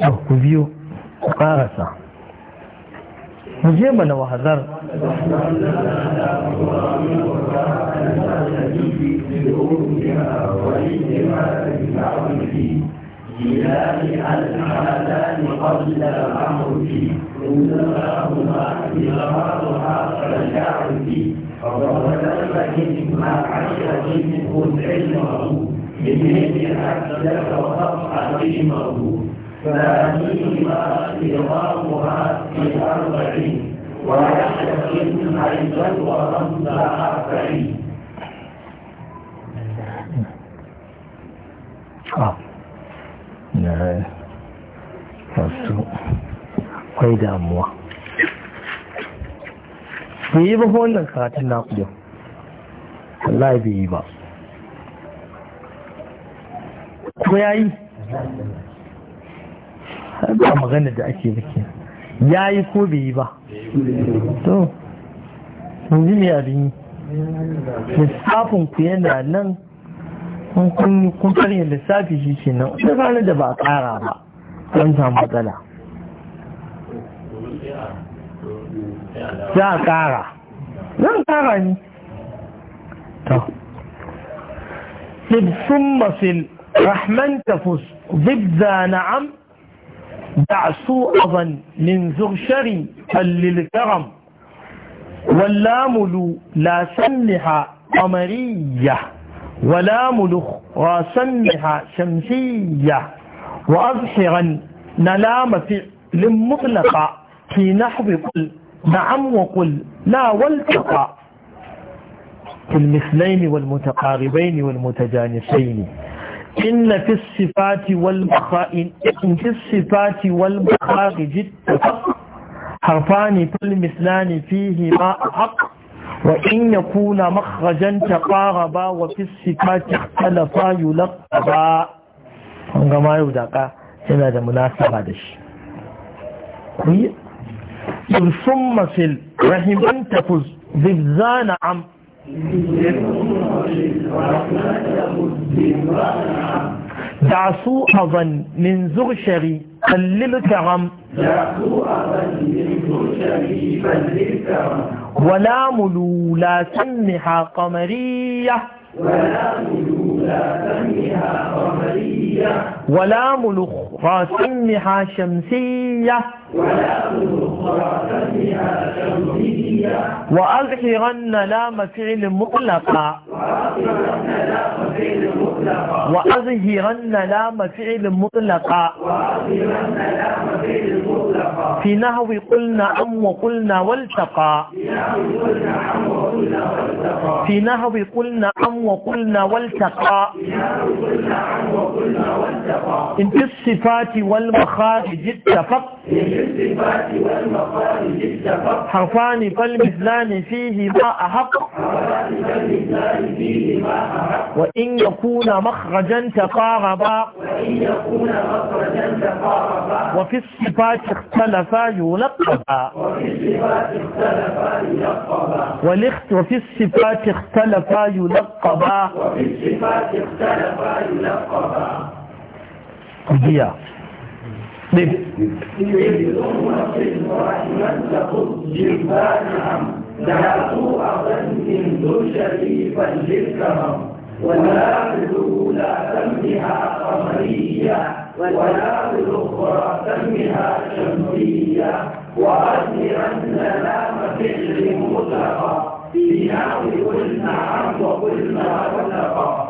yau ku biyo ku karasa mu je mana wahazar إلهي الحالان قبل الأمر فيه كلهما إغراضها فرجع فيه فضرب المكين مع عشرة منه العلم بذكر أسلك وقطع رحمه فأتيهما إرهاقها في أربعين ويحتكم أيضا ورمز أربعين آه. لا wasu kwai damuwa bai yi ba wannan karatun naku yau wallahi bai yi ba ya yi ba magana da ake biki yi ko bai yi ba to yanzu mai abin yi lissafin ku yana nan kun karya lissafi shi ke nan wata fara da ba a kara ba don samu matsala za a kara zan kara ne to sun masil رحمن تفز ضد ذا نعم دع سوء ظن من زر شري الكرم واللام لا سمح قمرية ولام لخرى سمح شمسية وأظهرا نلام فعل مطلقا في نحو قل نعم وقل لا والتقى في المثلين والمتقاربين والمتجانسين inna fi sifati wal makha'in in fi sifati wal makha'ij harfani fil mislani fihi ma haq wa in yakuna makhrajan taqaraba wa fi sifati talafa yulqaba kanga mayu daka yana da munasaba da shi kuyi sun summa fil rahim an tafuz bizana تعصو سوء من زغشري قلل كرم ولا ملو لا سمح قمرية ولا ملولا ولا الأخرى سمها شمسية وأظهرن لام فعل مطلقا وأظهرن لام فعل مطلقا في نهو قلنا أم وقلنا والتقى في نهو قلنا أم وقلنا والتقى إن في الصفات والمخارج اتفق حرفان فالمثلان فيهما أحق وإن يكون مخرجا تقاربا وفي الصفات اختلفا يلقبا وفي الصفات اختلفا يلقبا الصفات اختلف يلقبا الضياء طيب ابن وصل رحمة له الجبال عم دعاته أظن ذو شريفا للكرم ولا بالأولى سمها قمرية ولا بالأخرى سمها شمسية وأثرن لام فعل مطلقا في نحو قلنا عم وقلنا ولقا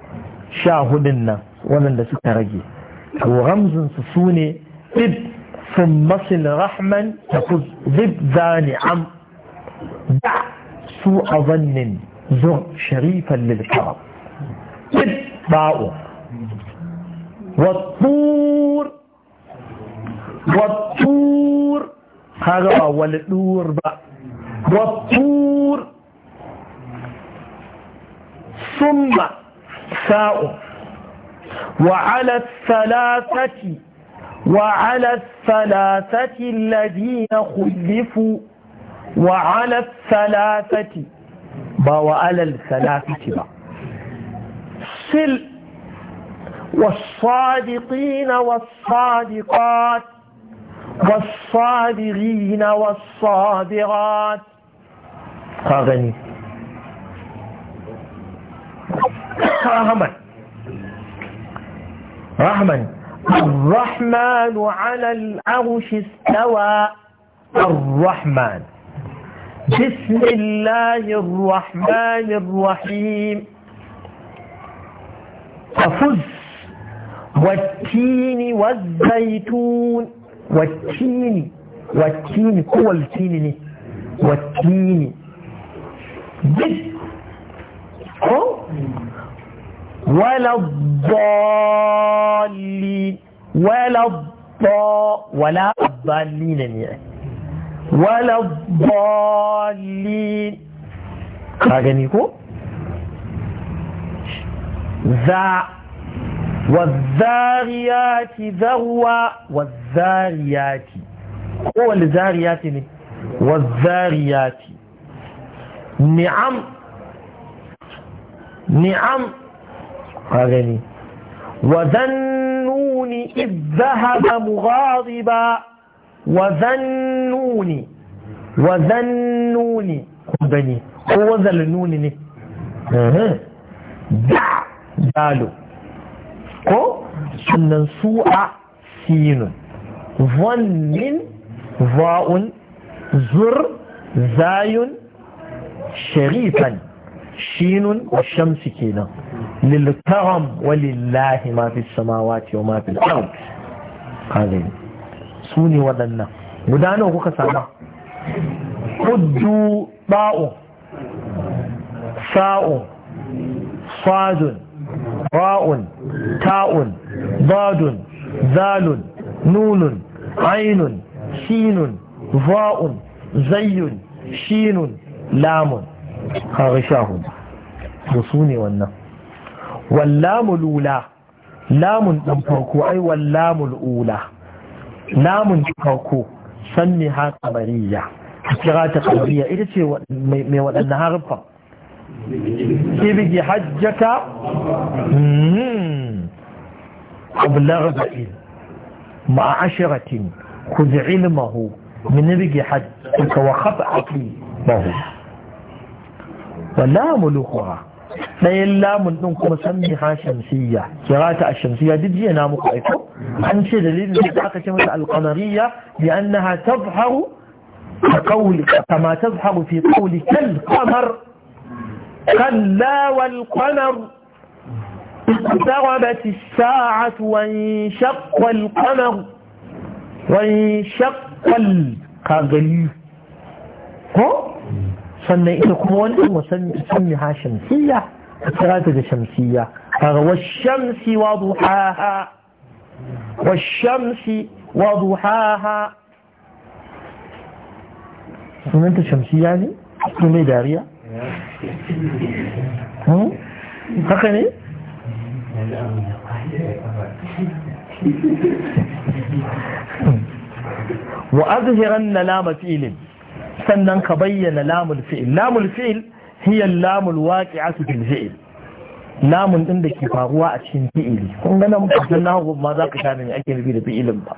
sha hudun nan waɗanda suka rage to ramzinsu su ne ɗib sun masin rahman ta ku zib zani am da su a zannin zur sharifan lilkaram ɗib ba'u wattur wattur kaga ba wani dur ba wattur sun ba ساء وعلى الثلاثة وعلى الثلاثة الذين خلفوا وعلى الثلاثة با وعلى الثلاثة با سل والصادقين والصادقات والصابرين والصابرات قاغني رحمن رحمن الرحمن على العرش استوى الرحمن بسم الله الرحمن الرحيم أفز والتين والزيتون والتين والتين هو التين والتين بس ولا الضالين ولا الضا ولا الضالين يعني ولا الضالين كاغنيكو ذا والذاريات ذروا والذاريات هو الذاريات يعني، والذاريات نعم نعم ka gani wa zannuni idh dhahaba mughadiba gani ko wa nuni ne da ko sannan su'a sinun zannin va'un zur zayun sharifan shinun wa shamsi kenan للكرم ولله ما في السماوات وما في الأرض هذه سوني ودنا ودانا وكوكا سانا قدو باء ساء صاد راء تاء ضاد ذال نون عين شين ضاء زي شين لام هذا شاهد وصوني والنفس واللام الأولى لام نمفوكو أي واللام الأولى لام نمفوكو سنها قبرية اتغاتة قبرية إذا تي ميوال أنها غفة كي بيجي حجك قبل غفئين مع عشرة خذ علمه من بيجي حجك وخبأك ما هو واللام الأخرى ɗayan lamun ɗin kuma sanni ha shamsiyya kira ta a shamsiyya duk jiya na muku aiko an ce dalilin da aka ce mata alƙanariya bi an na ha a tazharu kama tazharu fi qawli kal qamar kalla wal qamar اقتربت الساعة وانشق القمر وانشق القمر هو sannan ita kuma wannan wasanniha shamsiyya ka kira ta da shamsiyya kaga washamsi wa duhaha washamsi wa duhaha sunan ta shamsiyya ne ko mai dariya haka ne wa azhiran na lama filin sannan ka bayyana lamul fi'il lamul fi'il hiya lamul waqi'atu bil fi'il lamun din da ke faruwa a cikin fi'ili kun ga nan fasan nahu ma za ka gane me ake nufi da fi'ilin ba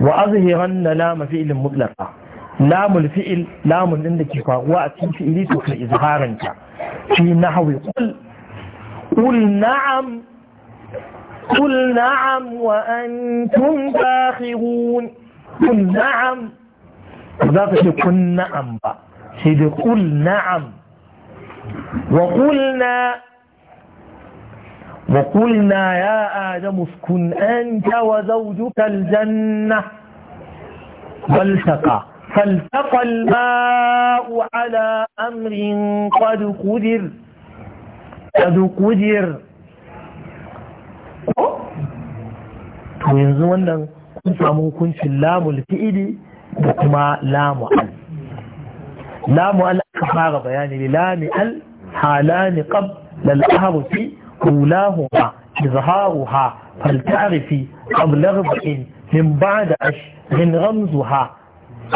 wa azhiranna lam fi'ilin mutlaqa lamul fi'il lamun din da ke faruwa a cikin fi'ili to ka izharanta fi nahwi qul qul na'am قل نعم وأنتم فاخرون قل نعم ba za ka ce kun na'am ba sai da kul na'am wa kulna ya adamu kun anta wa zawjuka aljanna waltaqa فالتقى الماء على أمر قد قدر قد قدر to yanzu wannan kun samu hukuncin lamul fi'ili da kuma lamu al aka fara bayani li ne al halani qab lal lal'arufi kulahuwa izharuha ta'rifi qab arba'in min ba'da min ramzuha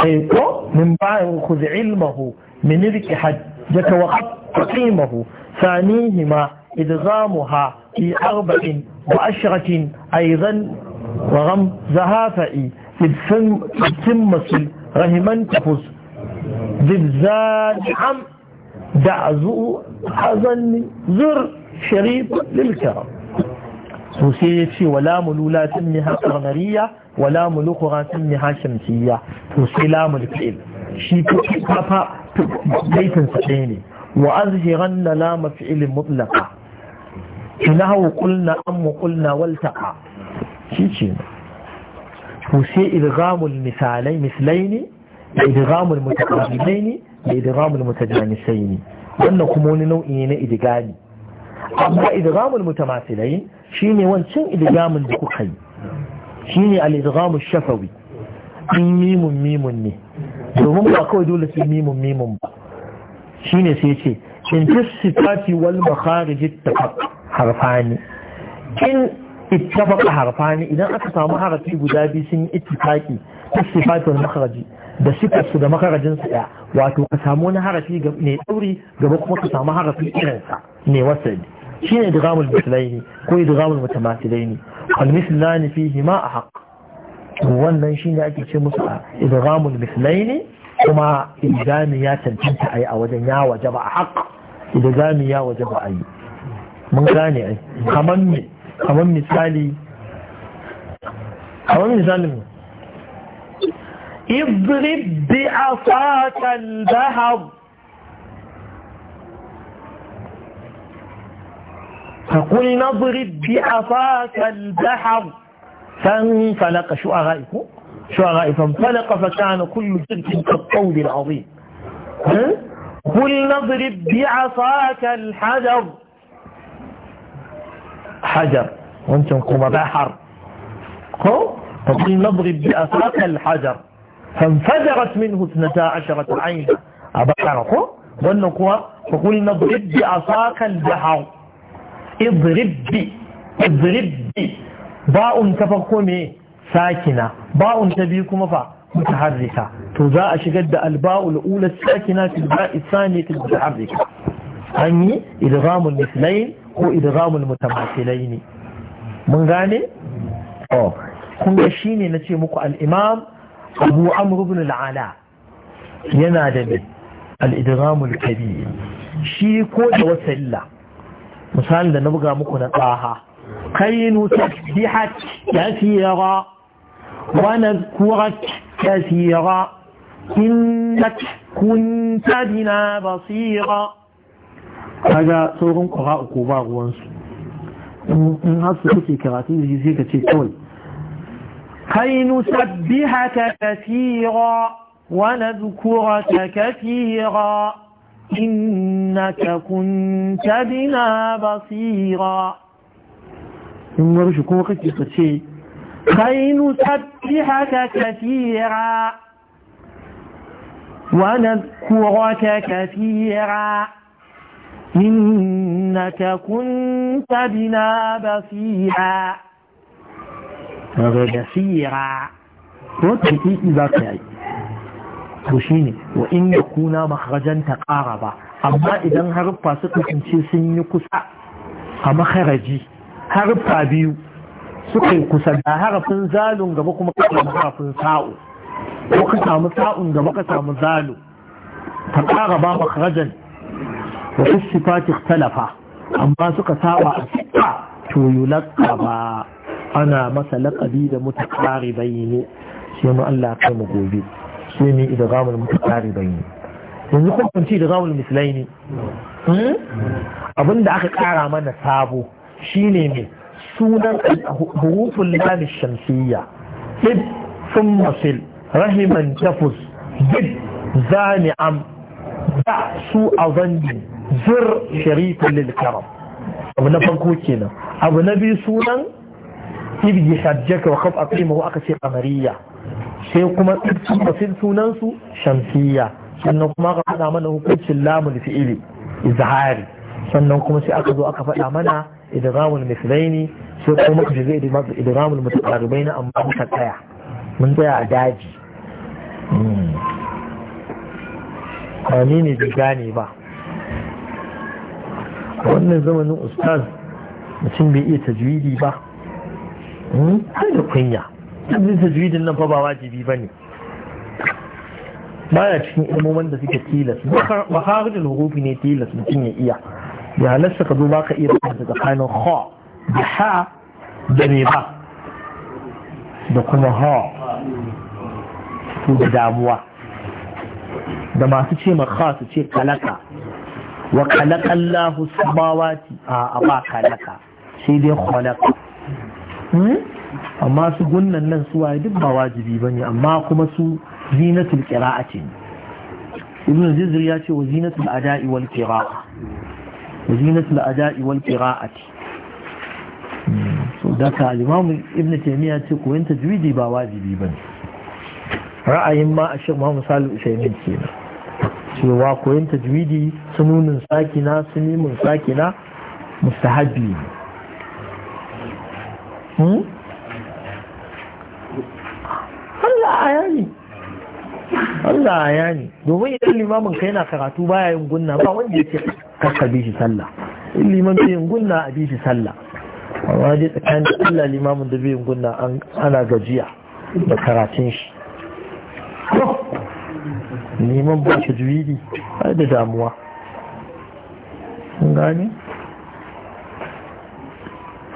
sai ko min ba'da khudh ilmahu min ilki had jaka wa qad qimahu ثانيهما إدغامها في أربع وعشرة أيضا ورمزها فإي cikin masu rahiman tafus zibzani am da a zuu a zanni zur sharif lilka su sai ya ce wa lamulu latin ne ha ƙarnariya wa lamulu ƙuratin ne ha shamsiyya to sai lamul shi fi kafa laifin sa ɗaya ne wa azhiran na lama fi'ilin mutlaka ina hau ƙulna an mu ƙulna waltaka to sai idghamul misalai mislaini da idghamul mutaqabilaini da idghamul mutajanisaini wannan kuma wani nau'i ne na idgami amma idghamul mutamasilai shine wancan idgamin da kuka yi shine al shafawi in mimun mimun ne domin ba kawai dole sai mimun mimun shine sai ce in fi sifati wal makharij tafaq ittafaqa harfani idan aka samu harafi guda biyu sun yi ittifaqi sifatul makhraji da sifar su da makarajin su ɗaya wato ka samu wani harafi ne ɗauri gaba kuma ka samu harafi irin sa ne wasali shine ne idgamul mislaini ko idgamul mutamathilaini al mislani fihi ma a haq wannan shi ne ake ce musu idgamul mislaini kuma idgami ya cancanta ai a wajen ya waje ba a haq idgami ya waje ba ai mun gane ai kaman me kamar misali kamar misalin اضرب بعصاك البحر فقل نضرب بعصاك البحر فانفلق شعرائكم شعراء فانفلق فكان كل شرك كالطول العظيم قل نضرب بعصاك الحجر hajar wancan kuma bahar ko فقل نضرب بأساق الحجر فانفجرت منه اثنتا عشرة عينا أبقرقه ونقوى فقل نضرب بأساق البحر اضرب بي اضرب بي باء تفقمي ساكنة باء تبيكم فا متحركة تزاء شقد الباء الأولى الساكنة في الباء الثانية المتحركة أني إلغام المثلين ko idghamul ne mun gane oh kun ga shine nace muku al-imam Abu Amr ibn al-Ala yana da al-idghamul kabir shi ko da wasalla misalin da na buga muku na tsaha kainu tasbihat kathira wa nadhkurat kathira إنك كنت بنا basira. kaga sauran ƙura uku ba ruwansu in har su suke karatu da sai ka ce kawai kai nusabbihaka kathira wa nadhkuraka kathira innaka kunta bina basira in warshi kuma kake ka ce kai nusabbihaka kathira wa nadhkuraka kathira إنك كنت بنا بصيرا بصيرا وتأتي إذا تعي وشيني وإن يكون مخرجا تقاربا أما إذا هرب فاسق كنشي سن يكسا أما خرجي هرب فابيو suka kusa da harafin zalun gaba kuma ka samu harafin sa'u ko ka samu sa'un gaba ka samu zalu ta ƙara ba makarajan wa sifati talafa amma suka saba a sifa to yi yulaqaba ana masa laqabi da mutaqaribain sai mu Allah kai mu gobe sai ni idgamul mutaqaribain yanzu da fanci idgamul mislaini abinda aka kara mana sabo shine ne sunan hurufun Lami shamsiyya id thumma sil rahiman tafus bid zani am da su a zanjin zir sharifin lilkaram abu na farko kenan abu na biyu sunan ibgi shajjaka wa kafa qimahu aka ce kamariya sai kuma tsibci sunan su shamsiya sannan kuma aka faɗa mana hukuncin lamun fi'ili izhari sannan kuma sai aka zo aka faɗa mana idramul mislaini sai kuma muka shiga idramul mutaqaribaina amma muka tsaya mun tsaya a daji hmm. Ba ni Amini bai gane ba. a wannan zamanin ustaz mutum bai iya tajwidi ba sai hmm? da kunya tabbatin tajwidin nan fa ba wajibi ba ne baya cikin ilmomin da suke tilas ba har da hurufi ne tilas mutum ya iya ya halasta ka zo ba ka iya rubuta tsakanin ha da ha da ne ba da kuma ha da damuwa da masu ce ma ha su ce kalaka wa khalaqa Allahu samawati a ba khalaqa sai dai khalaqa hmm? amma su gunnan nan su duk ba wajibi bane amma kuma su zinatul qira'a ce ibn jizr ya ce wa zinatul ada'i wal qira'a wa zinatul ada'i wal qira'ati hmm. so da ka al-imam ibn taimiyya ce koyon tajwidi ba wajibi bane ra'ayin ma a shirma misalin ke kenan cewa koyon tajwidi sununin sakina sunimin sakina mustahabi hmm? ne Allah ya ne domin idan limamin ka yana karatu baya yin gunna ba wanda ce kakka bi shi sallah in liman bi yin gunna a bi shi sallah amma dai tsakanin Allah limamin da bi yin gunna ana gajiya da karatun shi neman ba tajwidi ai da damuwa gane